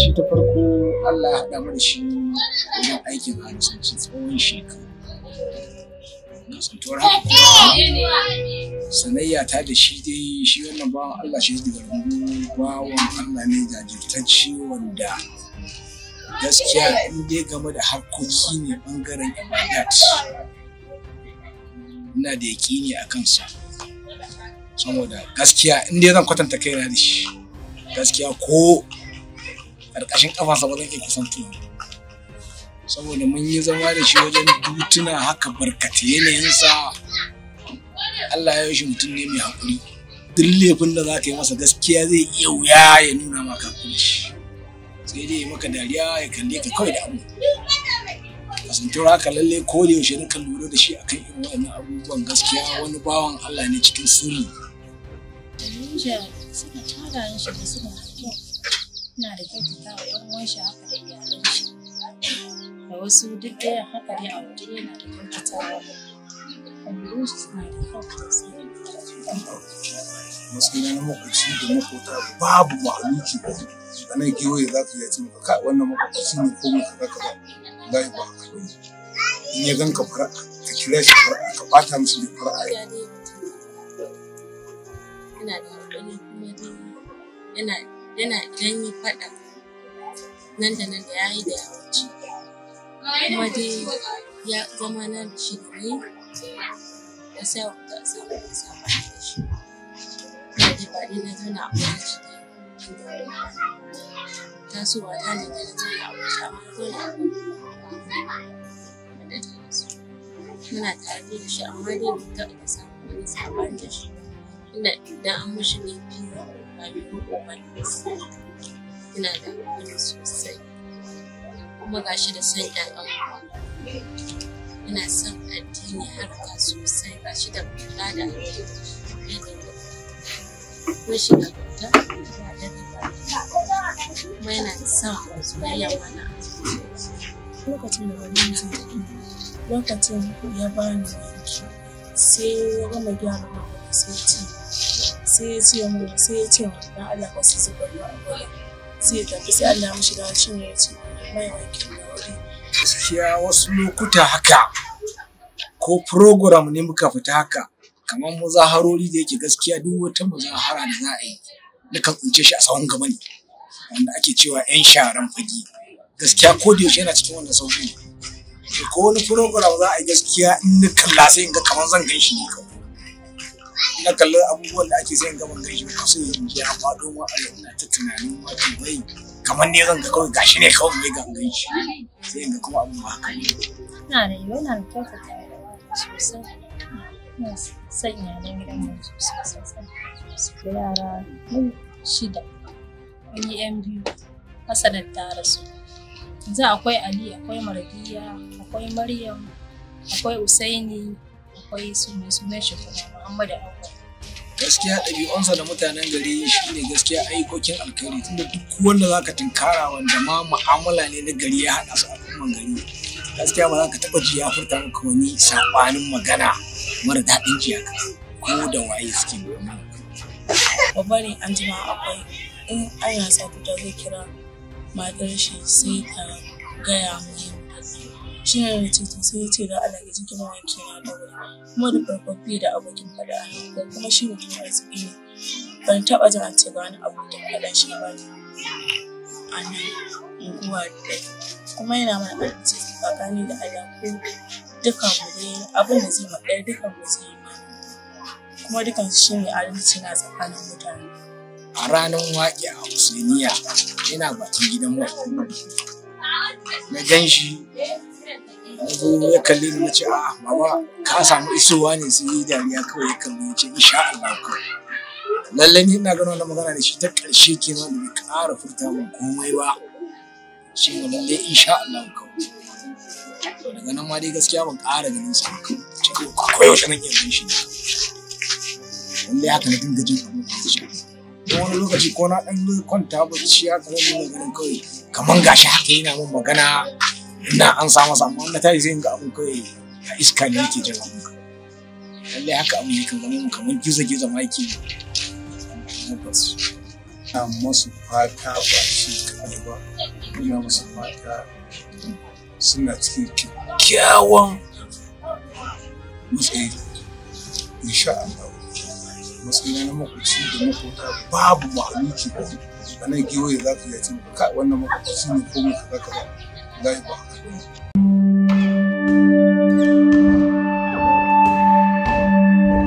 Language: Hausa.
shi ta farko Allah ya haɗa da shi wajen aikin hajji tsawon shekaru kasantuwar haka kuma sanayya ta da shi dai shi wannan bawan Allah shi da gargaru bawan Allah ne jajirtacce wanda gaskiya in dai game da harkoki ne bangaren ibadat ina da yaƙini a kansa saboda gaskiya in dai zan kwatanta kaina da shi gaskiya ko ƙarƙashin ƙafasa ba zan iya tuni saboda mun yi zama da shi wajen dutuna haka barkata yanayinsa Allah ya shi mutum ne mai haƙuri duk laifin da za ka yi masa gaskiya zai iya wuya ya nuna maka haƙuri sai dai ya maka dariya ya kalle ka kawai da abu kasantar haka lalle ko da yaushe na lura da shi akan irin waɗannan abubuwan gaskiya wani bawan Allah ne cikin sirri. suka tara shi da yana da kyautata wa ƴan uwan shi haka da iyalan shi da wasu duk da yin haka dai a dai yana da kyautata wa ɗabi'un shi suna da kyau sosai matsayina na makwabci da makwabta babu ma'aluki ba a nan kewaye za ka yace maka ka wannan makwabci ne ko maka za ka ba wallahi ba haka ba in ya gan ka fara ka kira shi fara ka bata musu ne fara'a ya yana da hankali kuma yana yana idan yi faɗa nan da nan da ya yi da ya wuce kuma dai ya zama na da shi da ni da sai wa kuka samu da samu da shi na da ba na zauna a wajen shi da tasowa ta ne da na zauna a wajen amma zauna a wajen muna tare da shi amma dai ba ta samu wani sabon da shi inda idan an mishi laifi amma bai yi ina da hakuri sosai kuma gashi da son ƴan abubuwa ina son addini harka sosai gashi da kula da addini ko shiga kuta ba da kuma yana son soyayyar wani lokacin da wani mutum ta lokacin ya bani yanki sai ya gama gyara sai ce sai ya ce mu sai ya ce mu dan Allah wasu su su ba sai ya tafi sai Allah mishi da shi ne ya ce mai wanki da wuri gaskiya wasu lokuta haka ko program ne muka fita haka kamar muzaharori da yake gaskiya duk wata muzahara da za a yi kan tsince shi a tsawon gaba ne wanda ake cewa yan sharan fage gaskiya ko da yaushe yana cikin wanda sauki ko wani program za a yi gaskiya in na kalla sai in ga kamar zan gan shi ne kawai na kalli abubuwan da ake sayan gaban gaishe ba sai in ji amma don a yau na ta tunanin ma to bai kamar ne zan ga kawai gashi ne kawai mai gangan shi sai in ga kuma abun ba haka ne ina da yau na da kyau ka da sosai na sanya na gidan mu sosai sosai da yara mun shida mun yi yan biyu hasanar ta rasu yanzu akwai ali akwai maradiya akwai maryam akwai usaini akwai su mai sunan shi Muhammadu Abubakar. Gaskiya ɗabi'unsa da mutanen gari shine ne gaskiya aikokin alkhairi tunda duk wanda za ka tunkara wanda ma mu'amala ne na gari ya haɗa su kuma gari. Gaskiya ba za ka taɓa ji ya furta maka wani saɓanin magana mara daɗin ji ko da waye suke mu'amala. Babban an jima akwai in ana sa zai kira matar shi sai ta gaya yi shi ne mai ce sai ya ce da Allah ya jikin wanki na da wuri kuma da farfafi da abokin faɗa ko kuma shi mutum arziki ne ban taɓa jin an ce ga wani abokin faɗa shi ba ne a nan unguwa da kuma yana mana arziki tsakani da Allah ko dukan mu dai abin da zai maɗaya dukan mu zai yi mana kuma dukan shi ne adalci na tsakanin mutane. A ranar waƙe a Hussainiya yana bakin gidan mai na gan shi yanzu ya kalli ni nace a'a mama ka samu isowa ne sai yi dariya kawai ya kalli ya ce insha Allah kawai lallai ni ina ganin wannan magana ne shi ta ƙarshe ke da bai ƙara furta min komai ba shi ne lallai insha Allah kawai daga nan ma dai gaskiya ban ƙara ganin sa cikin akwai wata nan yanzu shi lallai haka na dinga jin abin da shi wani lokaci ko na ɗan kwanta ba bacci haka nan ganin kawai kamar gashi haka yana min magana na an samu samu wanda ta yi sai ga abin kawai a iska ne yake jira muka lallai haka abin yake zama mu kamar gizo gizo ma yake tabbas na musu fata ba shi kaɗai ba ina musu fata suna cikin kyakkyawan matsayi insha Allah matsayi na makwabci da makwabta babu mahaluki ba a nan giwaye za ka yi ka wannan makwabci ne ko mutu za ka ba Yes.